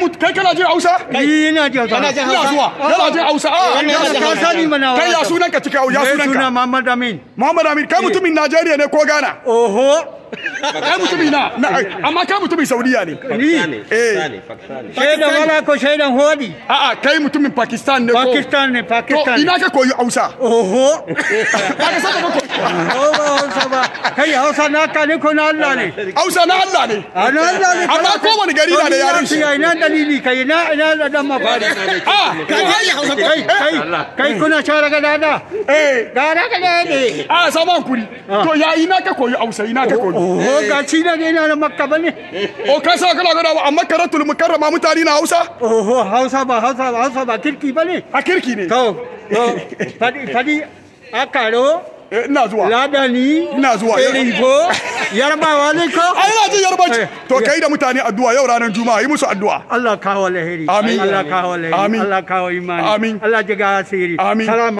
mut kai kana jin Hausa? Ni ina jin Hausa. Kana jin Hausa? Kana jin Hausa? sani ah, mana. Kai ya sunan ka cika ya sunan ka. Sunan Muhammad Amin. Muhammad Amin kai eh. mutumin Najeriya ne ko Ghana? Oho. kai na amma kai mutumin saudiya ne ni eh shaidan wala ko shaidan hodi a a kai mutumin pakistan ne ko pakistan ne pakistan to ina ka koyi hausa oho ba ka saba ba ko oho ba kai hausa na ka ne ko na Allah ne hausa na Allah ne a na Allah ne amma ko wani gari na da yaron shi ina dalili kai n'a ina da dan mafari ah, a kai kai hausa kai kai kai kuna shara eh. ga dada eh ka ga ne. a ah, saman kuri ah. to ya ina ka koyi hausa ina ka koyi oh, oh ga ci da ina na makka bane o oh, ka sa ka ga amma karatul mukarrama mutane na hausa oho oh, hausa ba hausa ba hausa ba kirki bane a kirki ne to to fadi fadi a karo Eh, ina zuwa ladani ina zuwa yarbo yarbawa ko ai ina ji yarbanci eh, to kai da mutane addu'a yau ranar juma'a yi musu addu'a Allah kawo alheri amin Allah kawo alheri Allah kawo imani amin Allah jiga asiri amin